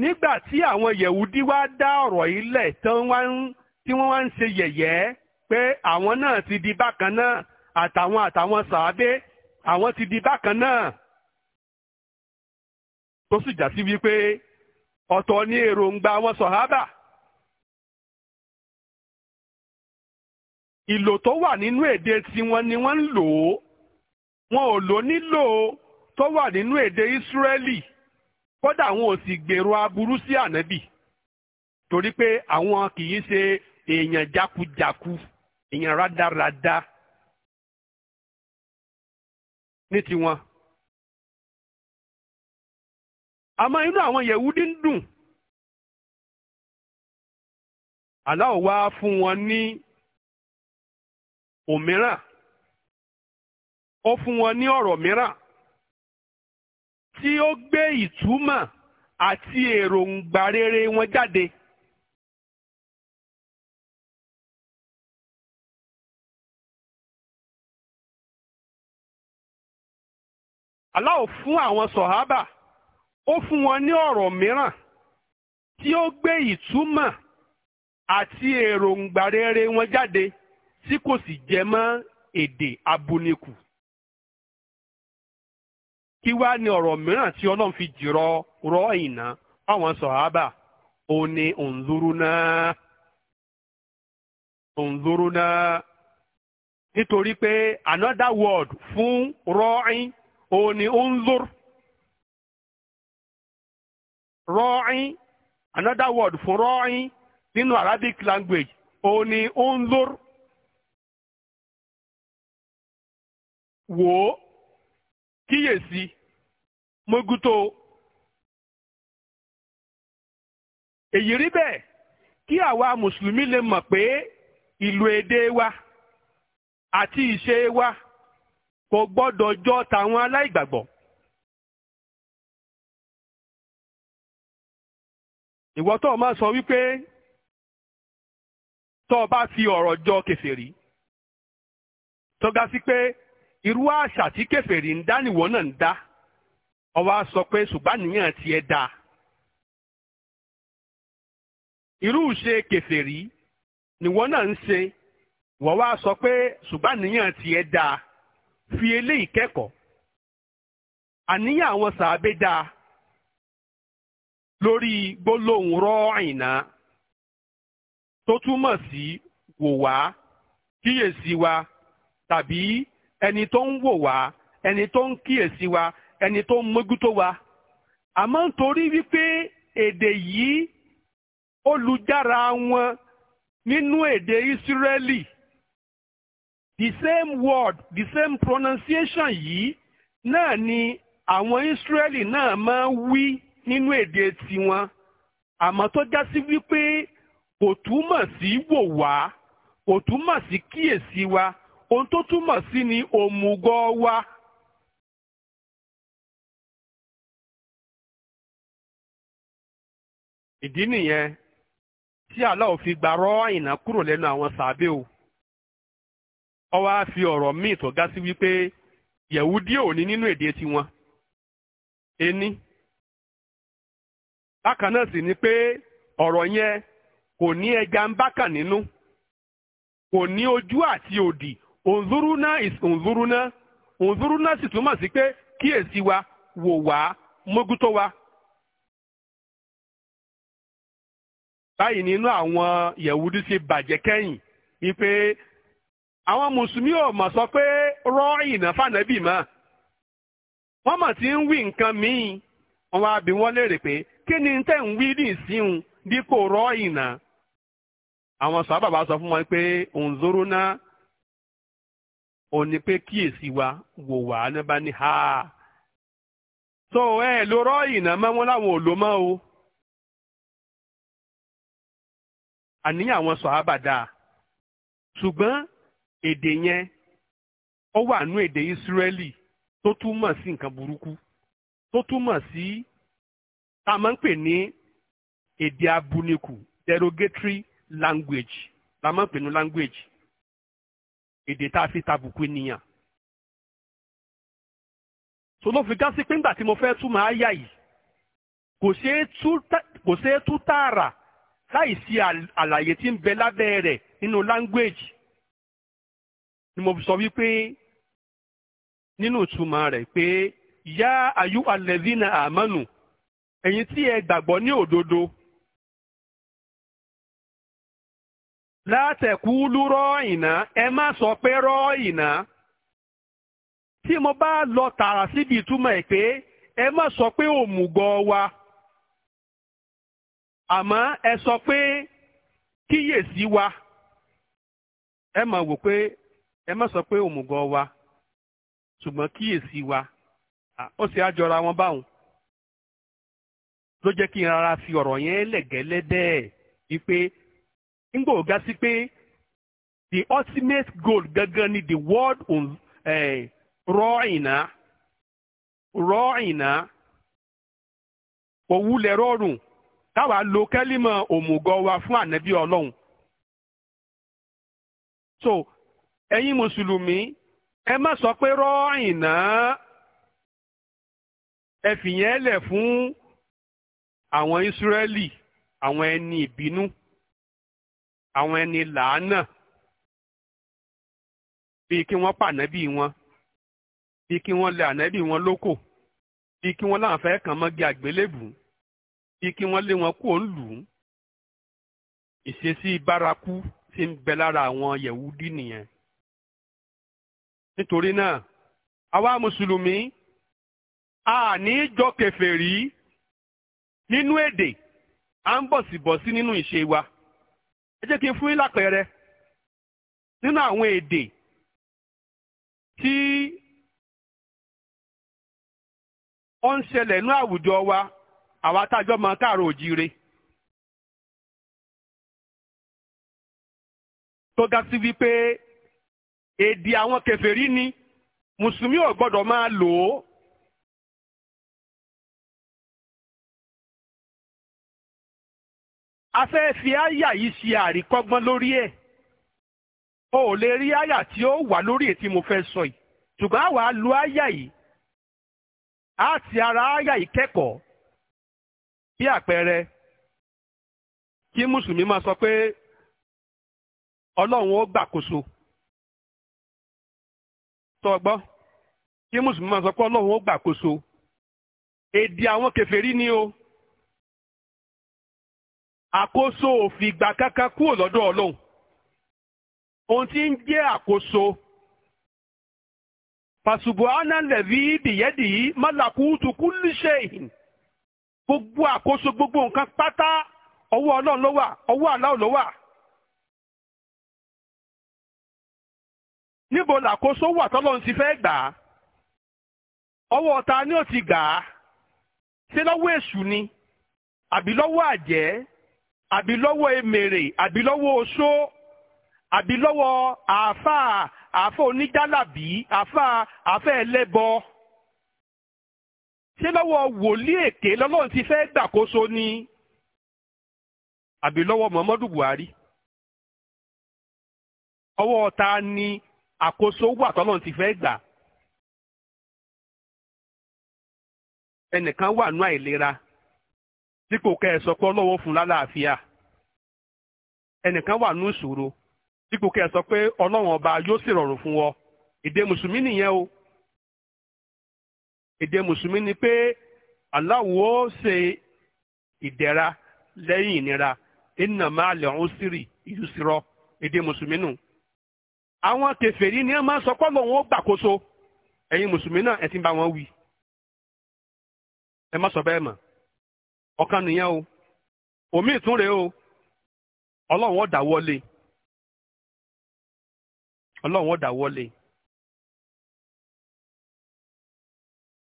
nígbà tí àwọn yẹ̀wùdí wá dá ọ̀rọ̀ yìí lẹ̀ tí wọ́n wá ń ṣe yẹ̀yẹ́ pé àwọn náà ti di bákan náà àtàwọn àtàwọn sàábé àwọn ti di bákan náà tó sì já sí wípé ọ̀tọ̀ ní èròǹgbà wọn sọ̀hábà. ìlò tó wà nínú èdè tiwọn ni wọ́n ń lò ó wọn ò lò nílò tó wà nínú èdè Ísírẹ́lì. kódà àwọn ò sì gbèrò aburú sí ànábì torí pé àwọn kì í ṣe èèyàn jákujàku èèyàn rádaràda ní tiwọn. àmọ́ inú àwọn yẹ̀wúdí ń dùn aláwọ̀ wá fún wọn ní òmíràn ó fún wọn ní ọ̀rọ̀ mìíràn tí ó gbé ìtumọ̀ àti èròǹgbà rere wọn jáde. Allah fún àwọn sọ̀hábà ó fún wọn ní ọ̀rọ̀ mìíràn tí ó gbé ìtumọ̀ àti èròǹgbà rere wọn jáde tí kò sì jẹ mọ́ èdè abúnikù. kí wá ní ọ̀rọ̀ mìíràn tí ọlọ́run fi jìrọ rọ ìná àwọn sọ̀hábà ó ní òǹdúrúná òǹdúrúná nítorí pé another word fún rọ́ọ̀ín ó ní òǹdúr rọ́ọ̀ín another word fún rọ́ọ̀ín nínú Arabic language ó ní òǹdúr wò ó. kíyèsí mójútó èyí rí bẹ́ẹ̀ kí àwa mùsùlùmí lè mọ̀ pé ìlò èdè wa àti ìṣe wa kò gbọ́dọ̀ jọ tàwọn aláìgbàgbọ́. ìwọ tó o máa sọ wípé tó o bá fi ọ̀rọ̀ jọ kèfèrí tó ga sí pé irú àṣà tí kèfèrí ń dá nìwọ náà ń dá ọwọ́ sọ pé ṣùgbọ́n àníyàn tiẹ̀ dáa irú ìṣe kèfèrí nìwọ náà ń ṣe wọ́n wá sọ pé ṣùgbọ́n àníyàn tiẹ̀ dáa fi eléyìí kẹ́kọ̀ọ́ àníyàn àwọn sàábé dáa lórí gbólóhùn rọ́ọ̀ìnà tó túmọ̀ sí wò wá kíyèsí wa tàbí ẹni tó ń wò wá ẹni tó ń kíyèsí wa ẹni tó ń mójútó wa àmọ́ nítorí wípé èdè yìí olùjára wọn nínú èdè Ísírẹ́lì the same word the same pronunciation yìí náà ni àwọn Ísírẹ́lì náà máa ń wí nínú èdè tiwọn àmọ́ tó já sí wípé kò túmọ̀ sí wò wá kò túmọ̀ sí kíyèsí wa ohun tó túmọ̀ sí ni òmùgọ̀ wa. ìdí nìyẹn tí aláwọ̀ fi gbàrọ́ àyìnà kúrò lẹ́nu àwọn sàbẹ̀ o ó wá fi ọ̀rọ̀ míì tó ga sí wípé yẹ̀wúdí ò òní nínú èdè tiwọn ení bákan náà sì ni pé ọ̀rọ̀ yẹn kò ní ẹja ń bákàn nínú kò ní ojú àti òdì òǹzúrúná is òǹzúrúná sì túmọ̀ sí pé kíyèsí wa wò wá mógútó wa. báyìí nínú àwọn yẹ̀wúdí ṣe bàjẹ́ kẹ́yìn wípé àwọn mùsùlùmí ò mọ̀ sọ pé rọ́ọ̀yìn náà fànẹ́bì mọ́ wọ́n mọ̀ tí ń wí nǹkan míì wọ́n wá bí wọ́n léèrè pé kí ni tẹ̀ ń wí ní dípò àwọn sọ fún wọn pé òun ni pé kíyèsí wa wò wá ní bá ní ha so ẹ ló rọ ìnà mọ wọn láwọn ò lò mọ o àníyàn àwọn sọ̀hábà dáa ṣùgbọ́n èdè yẹn ó wà nú èdè ìsírẹ́lì tó túmọ̀ sí nǹkan burúkú tó túmọ̀ sí tá a máa ń pè ní èdè abúnikù derogatory language la máa ń pè ní language èdè tá a fi tàbùkù ènìyàn so ló fi gásí pé ńgbà tí mo fẹ́ túmọ̀ áyà yìí kò ṣeé tú tààrà láì sí àlàyé tí ń bẹ lábẹ́ rẹ̀ nínú language ni mo fi sọ wípé nínú ìtumọ̀ rẹ̀ pé yá ayú alẹ́dínà àmọ́nù ẹ̀yin tí ẹ gbàgbọ́ ní òdodo. látẹ̀kúlú rọ́ọ̀yìnà ẹ má sọ pé rọ́ọ̀yìnà tí mo bá lọ tààrà síbi ìtumọ̀ ẹ̀ pé ẹ má sọ pé òmùgọ̀ wa àmọ́ ẹ sọ pé kíyèsí wa ẹ má wò pé ẹ má sọ pé òmùgọ̀ wa ṣùgbọ́n kíyèsí wa ó sì àjọra wọn báwọn ló jẹ́ kí n rárá fi ọ̀rọ̀ yẹn lẹ̀gẹ́lẹ́dẹ́ẹ̀ wípé. ńgbò ga si pé the ultimate goal gangan ni the world on rọ́ọ̀ìnà eh, rọ́ọ̀ìnà òwúlẹ̀ rọrùn táwa lo kẹ́límọ̀ òmùgọ̀ wa fún ànábì ọlọ́run. so ẹ̀yin mùsùlùmí ẹ má sọ pé rọ́ọ̀ìnà ẹ fìyẹn lẹ̀ fún àwọn ìsírẹ́lì àwọn ẹni ìbínú. àwọn ẹni làánà bíi kí wọ́n pànẹ́bí wọn bíi kí wọ́n lé ànẹ́bí wọn lóko bíi kí wọ́n láǹfẹ́ kàn mọ́gi àgbélébù bíi kí wọ́n lé wọn kú òun lù ú ìṣesí bárakú ti ń bẹ lára àwọn yẹ̀wúdí nìyẹn. nítorí náà àwa mùsùlùmí a ní jọ kèfèrí nínú èdè à ń bọ̀sibọ̀sí nínú ìṣe wa. ẹ jẹ́ kí n fún yín lápẹẹrẹ nínú àwọn èdè tí ó ń ṣẹlẹ̀ wa àwa tájọ́ mọ káàró tó ga sí wípé èdè àwọn ni mùsùlùmí ò gbọ́dọ̀ máa lò a fẹ́ fi àyà yìí ṣe àríkọ́gbọ́n lórí ẹ̀ o ò lè rí àyà tí ó wà lórí ètí mo fẹ́ sọ yìí ṣùgbọ́n àwa lu àyà yìí a ti ara àyà yìí kẹ́kọ̀ọ́ bí àpẹẹrẹ kí mùsùlùmí máa sọ pé ọlọ́run ó gbàkóso tọ́ gbọ́ kí mùsùlùmí máa sọ pé ọlọ́run ó gbàkóso èdè àwọn kèfèrí ni o. àkóso ò fi ìgbà kankan kúrò lọ́dọ̀ ọlọ́run ohun tí ń jẹ́ àkóso fàṣùbọ̀ánà lẹ̀bí bìyẹ́dì yìí mọ́làkútù kúlíṣẹ́ gbogbo àkóso gbogbo nǹkan pátá ọwọ́ ọlọ́run ló wà ọwọ́ aláwọ̀ ló wà. níbo làkóso wà tọ́lọ́run ti fẹ́ gbà á ọwọ́ ta ni ó ti àbí lọ́wọ́ emèrè àbí lọ́wọ́ oṣó àbí lọ́wọ́ àáfàá àáfàá oníjálàbí àáfàá àáfàá ẹlẹ́bọ ṣé lọ́wọ́ wòlíì èké lọ́lọ́run ti fẹ́ gbàkóso ni àbí lọ́wọ́ Muhammadu Buhari ọwọ́ ta ni àkóso wà tọ́lọ́run ti fẹ́ gbà. ẹnìkan wà nú àìlera dípò kẹ́ ẹ sọ pé ọlọ́wọ́ fún lálàáfíà. ẹnìkan wà ní ìṣòro dípò kẹ́ ẹ sọ pé ọlọ́run ọba yóò sì rọrùn fún ọ èdè mùsùlùmí nìyẹn o èdè mùsùlùmí ni pé Allah ó ṣe ìdẹ̀ra lẹ́yìn ìnira inna ma'al usri yusra èdè mùsùlùmí nù. àwọn kèfèrí ni wọ́n máa ń sọ pé ọlọ́run ó gbàkóso ẹ̀yin mùsùlùmí náà ẹ̀ ti ń bá wọn wí ẹ má sọ bẹ́ẹ̀ mọ́ ọ̀kan nìyẹn o òmíì tún rèé o ọlọ́run ó wọlé ọlọ́run ó wọlé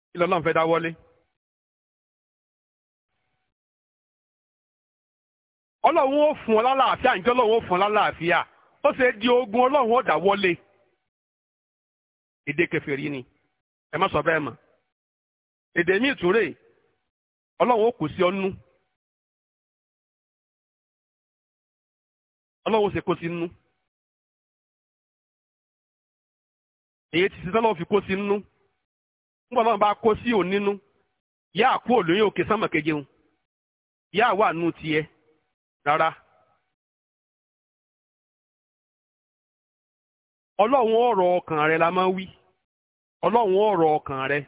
kí lọ́lọ́run fẹ́ ọlọ́run ó fún ọ ọlọ́run ó fún ọ lálàáfíà ó ṣe di ogun ọlọ́run ó dáwọ́lé èdè kèfèrí ni ẹ má sọ bẹ́ẹ̀ ọlọ́run ṣe kó sí nínú èyí ti ṣiṣẹ́ lọ́wọ́ fi kó sí nnú nígbà náà bá kó sí òun nínú kú àkú òkè sánmà keje òun wà nù tiẹ̀ rárá. ọlọ́run ọ̀rọ̀ ọkàn rẹ la máa ń wí ọlọ́run ọ̀rọ̀ ọkàn rẹ.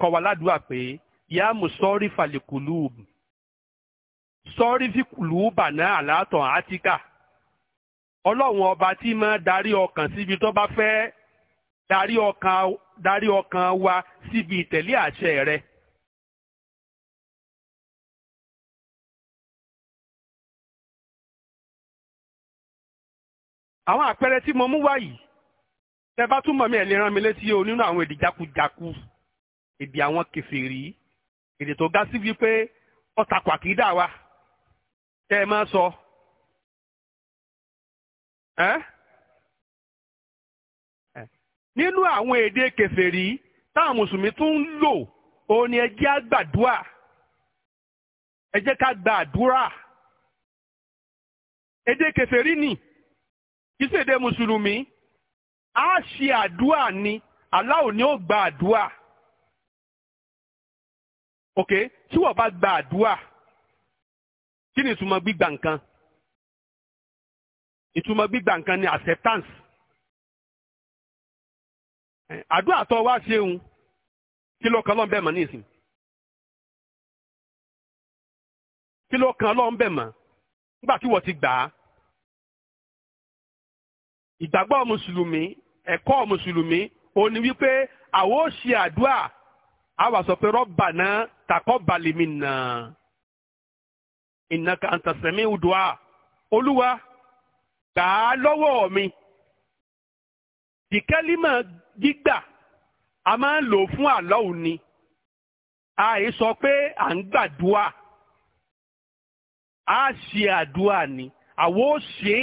kọ́ wa ládùúgbà pé sọ́rí fi kùlù bàná àlàtàn átíkà ọlọ́run ọba tí máa darí ọkàn síbi tó bá fẹ́ darí ọkàn wa síbi ìtẹ̀lé àṣẹ rẹ̀. àwọn àpẹẹrẹ tí mo mú wá yìí tẹ bá túmọ̀ mi ẹ̀ lè rán mi létí o nínú àwọn èdè jákujáku èdè àwọn kèfèrí èdè tó ga sí wípé ó tako àkídà wa tẹ́ ẹ máa sọ. nínú àwọn èdè kèfèrí táwọn mùsùlùmí tún ń lò òun ni ẹ jẹ́ á gbàdúrà ẹ jẹ́ ká gba èdè kèfèrí ni kì í ṣe èdè mùsùlùmí á ṣe àdúrà ni aláwo ni ó gba ok tí wọ́n bá gba kí ni ìtumọ̀ gbígbà nǹkan ìtumọ̀ gbígbà nǹkan ni acceptance àdúrà tó wá ṣeun kí ló kan lọ́n bẹ̀ mọ́ nísìn kí ló kan lọ́n bẹ̀ mọ́ nígbà tí wọ́n ti gbà á ìgbàgbọ́ mùsùlùmí ẹ̀kọ́ mùsùlùmí ó ní wípé àwọn ò ṣe àdúrà àwọn àsọpẹ́rọ́ bà náà tàkọ́ balẹ̀ mi náà ìnaka àǹtàsẹ̀mí odòá olúwa gbà á lọ́wọ́ mi dìkẹ́límọ̀ gbígbà a máa ń lò fún àlọ́ òní àì sọ pé à ń gbàdúà a ṣe àdúà ni àwo ṣe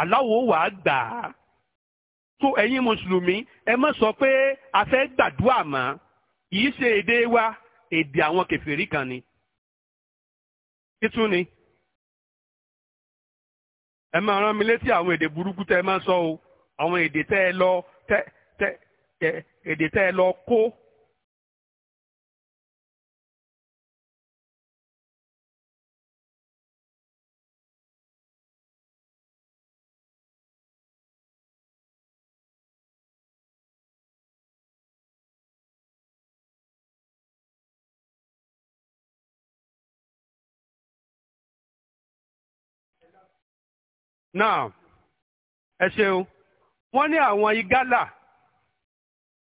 aláwo wàá gbà á tó ẹ̀yin mùsùlùmí ẹ má sọ pé a fẹ́ gbàdúà mọ́ yìí ṣe èdè wa èdè àwọn kèfèrí kan ni. kí tún ni ẹ máa rán mi létí àwọn èdè burúkú tẹ́ ẹ máa sọ o àwọn èdè tẹ́ ẹ lọ tẹ́ tẹ́ èdè tẹ́ ẹ lọ kó náà ẹ ṣeun wọ́n ní àwọn igálà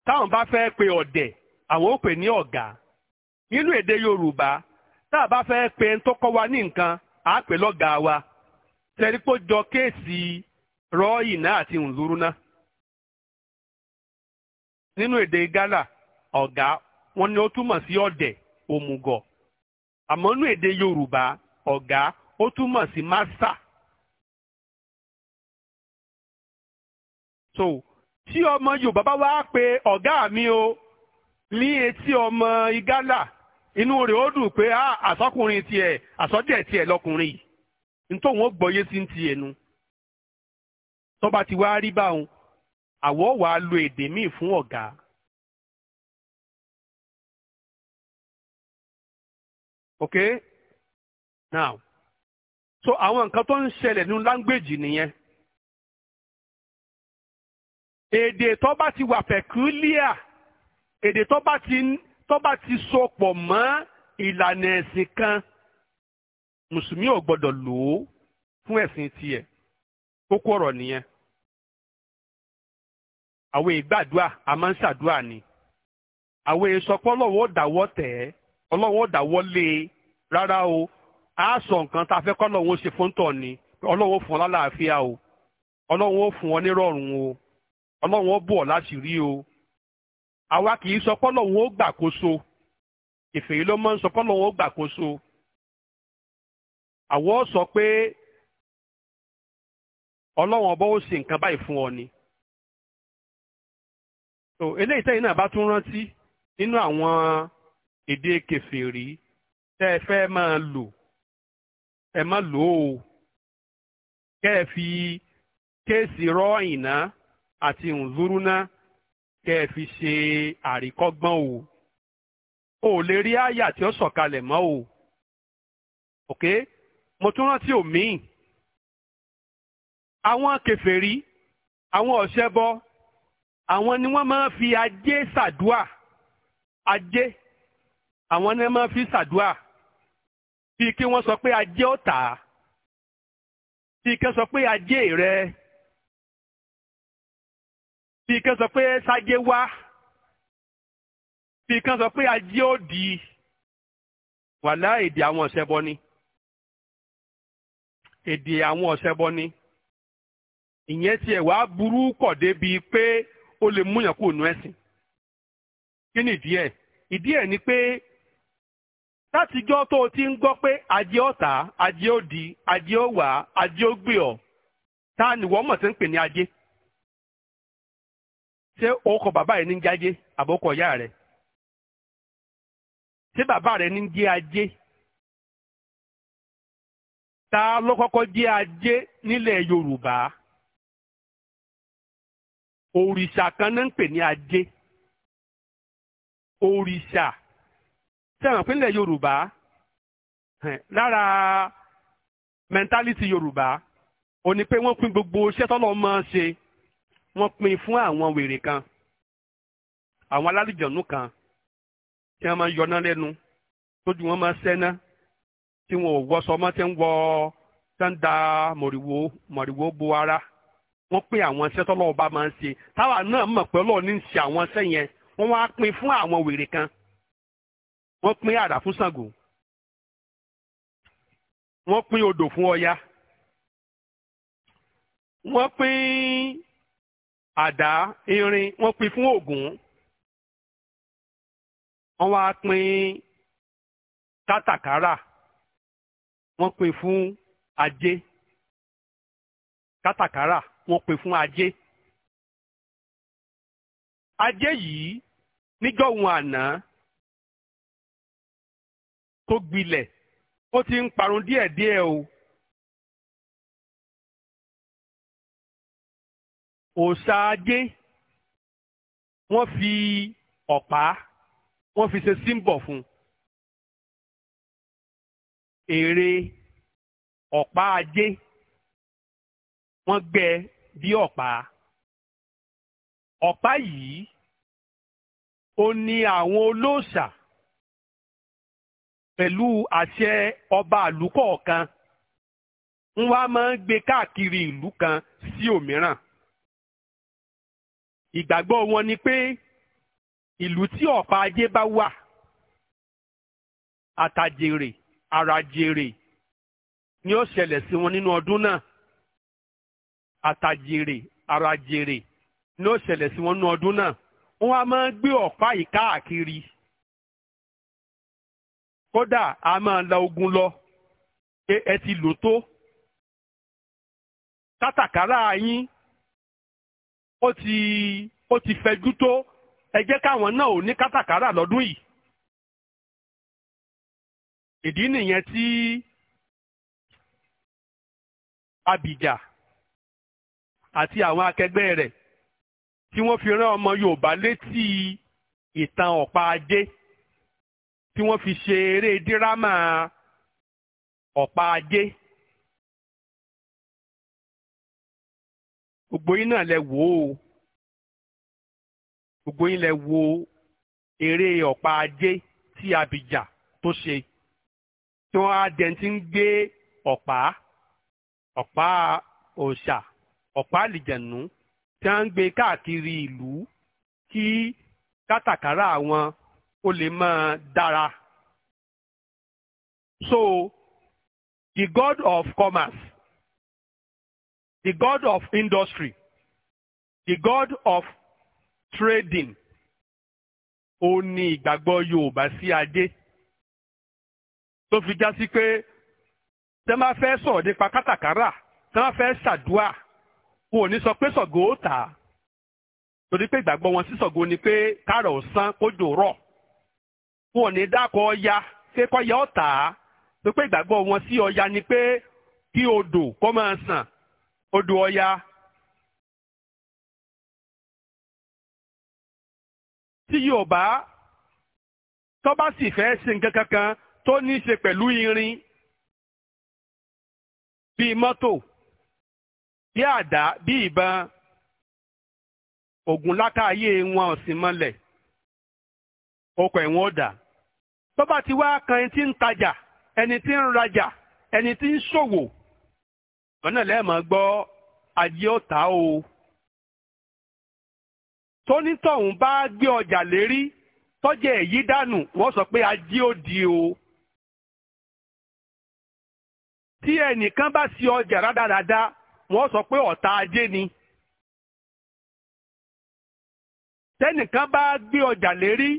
táwọn bá fẹ́ pe ọ̀dẹ̀ àwọn ò pè ní ọ̀gá nínú èdè Yorùbá tá bá fẹ́ pe ń tó kọ́ wa ní nǹkan à wa tẹ̀rí jọ kéèsì rọ́ọ̀yì àti ǹlúrú nínú èdè Igala ọ̀gá wọn ni ó túmọ̀ sí ọ̀dẹ̀ òmùgọ̀ àmọ́ nínú èdè Yorùbá ọ̀gá ó túmọ̀ sí so tí ọmọ Yorùbá bá wá pé ọ̀gá mi o ní etí ọmọ Igala inú rẹ̀ ó dùn pé ah, àsọkùnrin tiẹ̀ àsọdẹ̀ tiẹ̀ lọkùnrin yìí nítòun ó gbọ́yé sí ti ẹnu tọ́ba ti wá rí báwọn àwọ̀ wàá lo èdè míì fún ọ̀gá. ok now so àwọn nǹkan tó ń ṣẹlẹ̀ nínú láńgbèjì nìyẹn èdè tó bá ti wà pẹ̀kúlíà èdè tó bá ti tó bá ti sopọ̀ mọ́ ìlànà ẹ̀sìn kan mùsùlùmí ò gbọ́dọ̀ lò ó fún ẹ̀sìn tiẹ̀ kókó ọ̀rọ̀ nìyẹn. àwọn ìgbàdúà a máa ń ṣàdúà ni àwọn ìsọpọ̀ ọlọ́wọ́ dàwọ́ tẹ̀ ẹ́ ọlọ́wọ́ dàwọ́ lé e rárá o a sọ nǹkan tá a fẹ́ kọ́ ọlọ́wọ́ ṣe fún tọ̀ ni ọlọ́wọ́ fún ọ lálàáfíà o ọlọ́wọ́ fún ọ nírọ̀rùn o. ọlọ́run ó bò ọ́ láti rí o àwa kì í sọ pọ́lọ́run ó gbàkóso ìfèyí ló máa ń sọ pọ́lọ́run ó gbàkóso àwọ̀ sọ pé ọlọ́run ọba ó ṣe nǹkan báyìí fún ọ ni so eléyìí tẹ́yìn náà bá tún rántí nínú àwọn èdè kèfèrí tẹ́ ẹ fẹ́ máa lò ẹ má lò ó kẹ́ ẹ fi kéèsì rọ́ ìná àti ǹzúrúná kẹ́ ẹ fi ṣe àríkọ́gbọ́n o o ò lè rí àyà tí ó sọ̀kalẹ̀ mọ́ o ok mo tún rántí òmíì àwọn kèfèrí àwọn ọ̀ṣẹ́bọ àwọn ni wọ́n máa ń fi ajé ṣàdúà ajé àwọn ni wọ́n máa fi ṣàdúà bíi kí wọ́n sọ pé ajé ó tà á bíi kí wọ́n sọ pé ajé rẹ̀ bí kan sọ pé sáyé wá bí kan sọ pé ajé ó di wàlá èdè àwọn ọ̀sẹ̀bọ ni èdè àwọn ọ̀sẹ̀bọ ni ìyẹn tiẹ̀ wá burú kọ̀ débi pé ó lè múyàn kúrò nú ẹ̀sìn kí ni ìdí ẹ̀ ìdí ẹ̀ ni pé látijọ́ tó o ti ń gbọ́ pé ajé ọ̀tá ajé ó di ajé ó wà ajé ó gbé ọ̀ ta ni wọ́n mọ̀ sí ń pè ní ajé ṣé orúkọ bàbá rẹ ní ń jáde àbókọ ìyá rẹ ṣé bàbá rẹ ní ń jẹ́ ajé ta ló kọ́kọ́ jẹ́ ajé nílẹ̀ Yorùbá òrìṣà kan náà ń pè ní ajé òrìṣà sẹ́wọ̀n pínlẹ̀ Yorùbá lára mẹ́ńtálítì Yorùbá ó pé wọ́n pín gbogbo iṣẹ́ tọ́lọ́ mọ́ ṣe wọ́n pín fún àwọn wèrè kan àwọn alálùjọ̀nù kan tí wọ́n máa ń yọná lẹ́nu tójú wọn máa ń sẹ́ná tí wọn ò wọṣọ mọ́ tí ń wọ sẹ́ńdà mọ̀rìwó mọ̀rìwó bo ara wọ́n pín àwọn iṣẹ́ tọ́lọ́ ọba máa ń ṣe táwa náà mọ̀ pé ọlọ́ọ̀ ní ń ṣe àwọn iṣẹ́ wọ́n wá pín fún àwọn wèrè kan wọ́n pín àdá fún Ṣàngó wọ́n pín odò fún Ọya wọ́n pín àdá irin wọ́n pín fún Ògún wọ́n wá pín kátàkárà wọ́n pín fún ajé kátàkárà wọ́n pín fún ajé ajé yìí níjọ́ òun àná tó gbilẹ̀ ó ti ń parun díẹ̀díẹ̀ o. òòṣà ajé wọ́n fi ọ̀pá wọ́n fi ṣe símbọ̀ fún èrè ọ̀pá ajé wọ́n gbẹ bí ọ̀pá ọ̀pá yìí ó ní àwọn olóòṣà pẹ̀lú àṣẹ ọba àlùkọ̀ọ̀kan ń wá máa ń gbé káàkiri ìlú kan sí òmíràn ìgbàgbọ́ wọn ni pé ìlú tí ọ̀pá ajé bá wà àtàjèrè àràjèrè ni ó ṣẹlẹ̀ sí wọn nínú ọdún náà àtàjèrè àràjèrè ni ó ṣẹlẹ̀ sí wọn nínú ọdún náà wọn a máa gbé ọ̀pá yìí káàkiri kódà a máa la ogun lọ ẹ ti lò tó kátàkárà yín ó ti ó ti fẹjú tó ẹ jẹ́ káwọn náà ò ní kátàkárà lọ́dún yìí. ìdí nìyẹn tí Abija àti àwọn akẹgbẹ́ rẹ̀ tí wọ́n fi rán ọmọ Yorùbá létí ìtàn ọ̀pá ajé tí wọ́n fi ṣe eré dírámà ọ̀pá ajé. gbogbo yín náà lẹ wò ó gbogbo yín lẹ wò ó eré ọ̀pá ajé tí Abija tó ṣe tí wọ́n á dẹ̀ ti ń gbé ọ̀pá ọ̀pá òòṣà ọ̀pá àlìjẹ̀nù tí wọ́n ń gbé káàkiri ìlú kí kátàkárà wọn ó lè máa dára. So, the God of commerce the god of industry, the god of trading, ó ní ìgbàgbọ́ Yorùbá sí ajé. Tó fi já sí pé tẹ́ máa fẹ́ sọ̀rọ̀ nípa kátàkárà, tẹ́ máa fẹ́ ṣàdúà, wọn ò ní sọ pé Ṣàngó ó tà á. Torí pé ìgbàgbọ́ wọn sí Ṣàngó ni pé kárà ò sán kójò rọ̀. Wọn ní dákọ̀ ọya pé kọ́ya ó tà á. Torí pé ìgbàgbọ́ wọn sí ọya ni pé kí odò kó máa sàn odò ọya tí yorùbá tó bá sì fẹ́ ṣe nǹkan kankan tó ní í ṣe pẹ̀lú irin bíi mọ́tò bí àdá bí ìbọn ògùn lákàáyé wọn ọ̀sìn mọ́lẹ̀ ọkọ̀ ẹ̀wọ̀n ọ̀dà tó bá ti wá kan ẹni tí ń tajà ẹni tí ń rajà ẹni tí ń ṣòwò ọ̀nà lẹ́ẹ̀mọ́ gbọ́ ajé ọ̀tá o tónítọ̀hún bá gbé ọjà lérí tọ́jà èyí dànù wọ́n sọ pé ajé di o tí ẹnìkan bá sí ọjà rádaràda wọ́n sọ pé ọ̀tá ajé ni tẹ́nìkan bá gbé ọjà lérí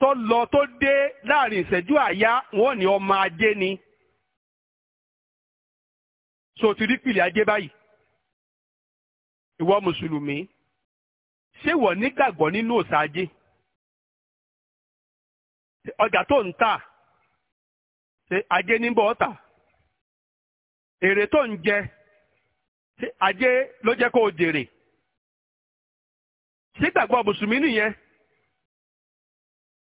tó lọ tó dé láàrin ìṣẹ́jú àyá wọ́n ní ọmọ ajé ni. so ti rí pìlẹ̀ ajé báyìí ìwọ mùsùlùmí ṣé wọ́n nígbàgbọ́ nínú òòṣà ajé ọjà tó ń tà ṣe ajé níbọ̀ ọ̀tà èrè tó ń jẹ ṣe ajé ló jẹ́ kó o jèrè ṣé gbàgbọ́ mùsùlùmí nìyẹn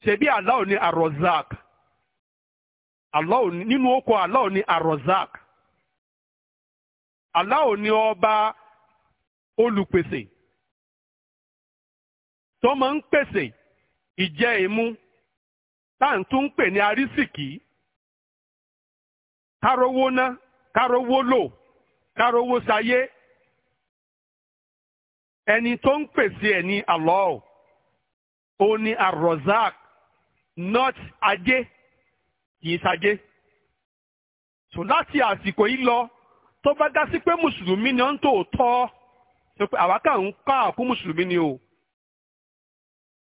ṣebí Allah ni arozak Allah nínú oko Allah ni arozak Allah ni ọba olùpèsè tó máa ń pèsè ìjẹ ìmu táà ń pè ní arísìkì kárówó ná kárówó lò kárówó sayé ẹni tó ń pèsè ẹ̀ ní Allah ó ní arozak not ajé kì í sajé so láti àsìkò yìí lọ. tó bá dá sí pé mùsùlùmí ni ó ń tòótọ́ àwa kà ń kọ́ àkú mùsùlùmí ni o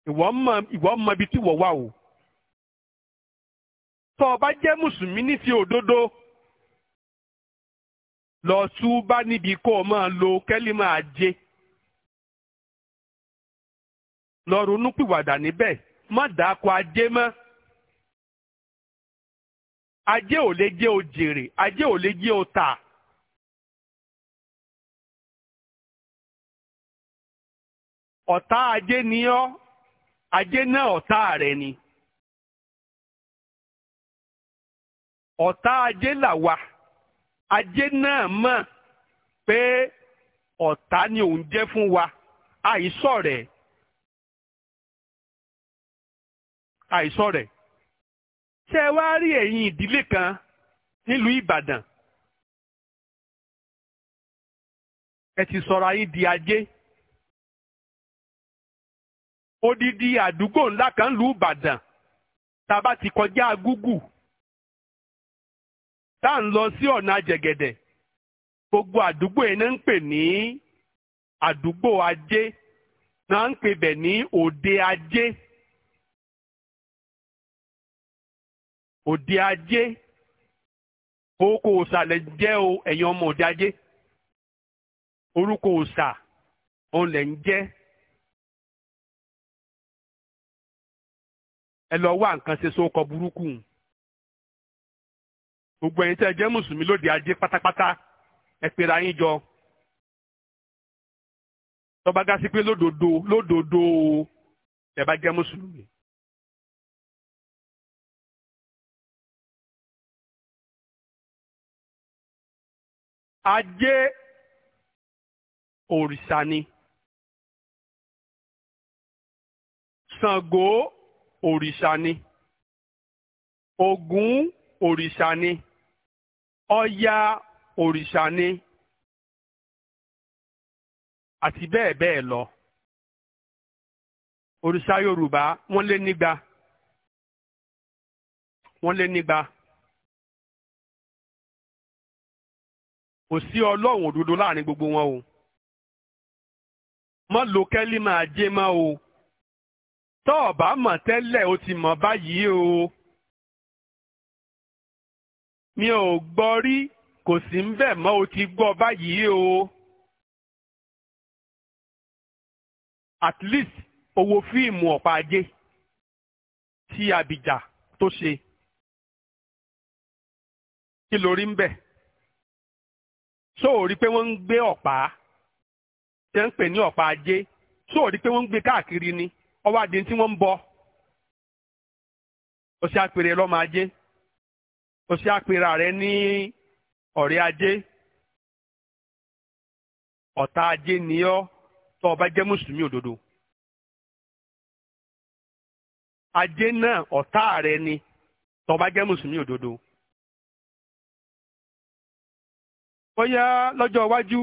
ìwọ mọ ìwọ mọ ibi tí wọ́n wà o tó bá jẹ́ mùsùlùmí ní ti òdodo lọ bá níbi kó o máa lo kẹ́límà ajé lọ ronú pìwàdà níbẹ̀ má dàkọ ajé mọ́ ajé ò lè jẹ́ o jèrè ajé ò lè jẹ́ o tà. ọ̀tá ajé ni ọ́ ajé náà ọ̀tá rẹ ni ọ̀tá ajé wà, ajé náà mọ̀ pé ọ̀tá ni òun jẹ́ fún wa àìsọ̀ rẹ̀ àìsọ̀ rẹ̀ ṣé ẹ wá rí ẹ̀yìn ìdílé kan nílùú Ìbàdàn ẹ ti sọ̀rọ̀ ayé di ajé. odidi àdúgbò ńlá kan lù Ìbàdàn tá a bá ti kọjá agúgù tá à ń lọ sí ọ̀nà gbogbo àdúgbò yẹn ń pè ní àdúgbò ajé náà ń pè bẹ̀ ní òde ajé òde ajé orúkọ òòṣà lẹ jẹ́ o ọmọ ajé orúkọ òun lẹ ẹ lọ wá nǹkan ṣe sókọ burúkú gbogbo ẹ̀yin tẹ́ ẹ jẹ́ mùsùlùmí lóde ajé pátápátá ẹ pera yín jọ tọba ga sí pé lódodo lódodo ẹ bá jẹ́ mùsùlùmí. ajé òrìṣà ni Ṣàngó òrìṣà ni Ògún òrìṣà ni Ọya òrìṣà ni àti bẹ́ẹ̀ bẹ́ẹ̀ lọ òrìṣà Yorùbá wọ́n lé nígbà wọ́n lé nígbà. kò sí ọlọ́run òdodo láàrin gbogbo wọn o mọ́ lo kẹ́lí máa jẹ́ mọ́ o tọ́ ọ bá mọ̀ tẹ́lẹ̀ o ti mọ̀ báyìí o. mi ò gbọ́ rí kò sí ń bẹ̀ mọ́ o ti gbọ́ báyìí o. at least owó fíìmù ọ̀pá ajé tí àbíjà tó ṣe kí ló rí ń bẹ̀. ṣó o rí pé wọ́n ń gbé ọ̀pá tẹ́ ń pè ní ọ̀pá ajé ṣó pé wọ́n ń gbé káàkiri ni. ọwa dị ntị nwa mbọ osi akpịrị lọma ajị osi akpịrị arị n'ọrịa ajị ọta ajị n'iyo tọba jem sumi ododo ajị na ọta arị ni tọba jem sumi ododo onye lọjọ waju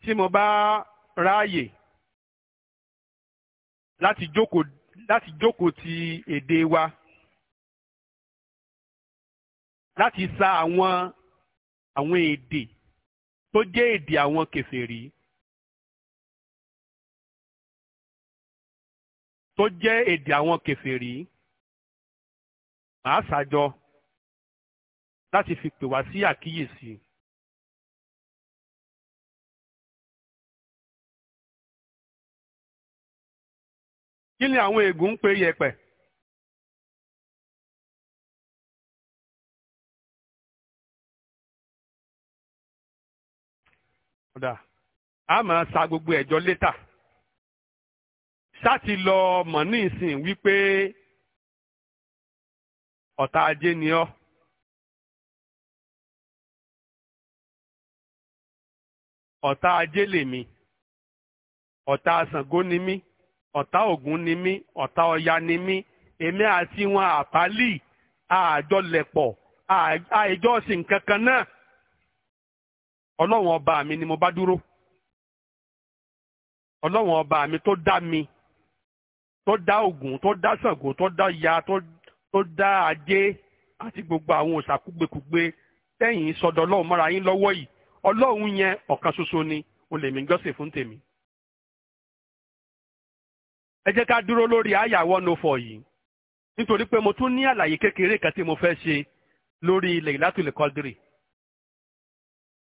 tí mo bá ráàyè láti jókòó láti jókòó ti èdè wa láti sa àwọn àwọn èdè tó jẹ́ èdè àwọn kèfèrí tó jẹ́ èdè àwọn kèfèrí màá sàjọ láti fi pè wá sí àkíyèsí. kí àwọn ègún pe yẹ̀pẹ̀. kódà a máa sa gbogbo ejo létà ṣáàtì lọ mọ ní ìsìn wípé ọta ajé ni ọ́. ọta ajé lèmi ọta Ṣàngó ni ọ̀tá Ògún ni mí ọ̀tá Ọya ni mí èmi àti wọn àpálì àjọlẹ̀pọ̀ àìjọ́sìn kankan náà ọlọ́wọ̀n ọba mi ni mo bá dúró ọlọ́wọ̀n ọba mi tó dá mi tó dá Ògún tó dá Ṣàngó tó dá ya tó dá ajé àti gbogbo àwọn òṣàkúgbèkúgbè tẹ̀yìn sọ̀dọ̀ ọlọ́run mọ́ra yín lọ́wọ́ yìí ọlọ́run yẹn ọ̀kan ṣoṣo ni olèmí gbọ́sẹ̀ fún tèmi ẹ jẹ́ ká dúró lórí àyà one oh four yìí nítorí pé mo tún ní àlàyé kékeré kan tí mo fẹ́ ṣe lórí Laylatul Qadri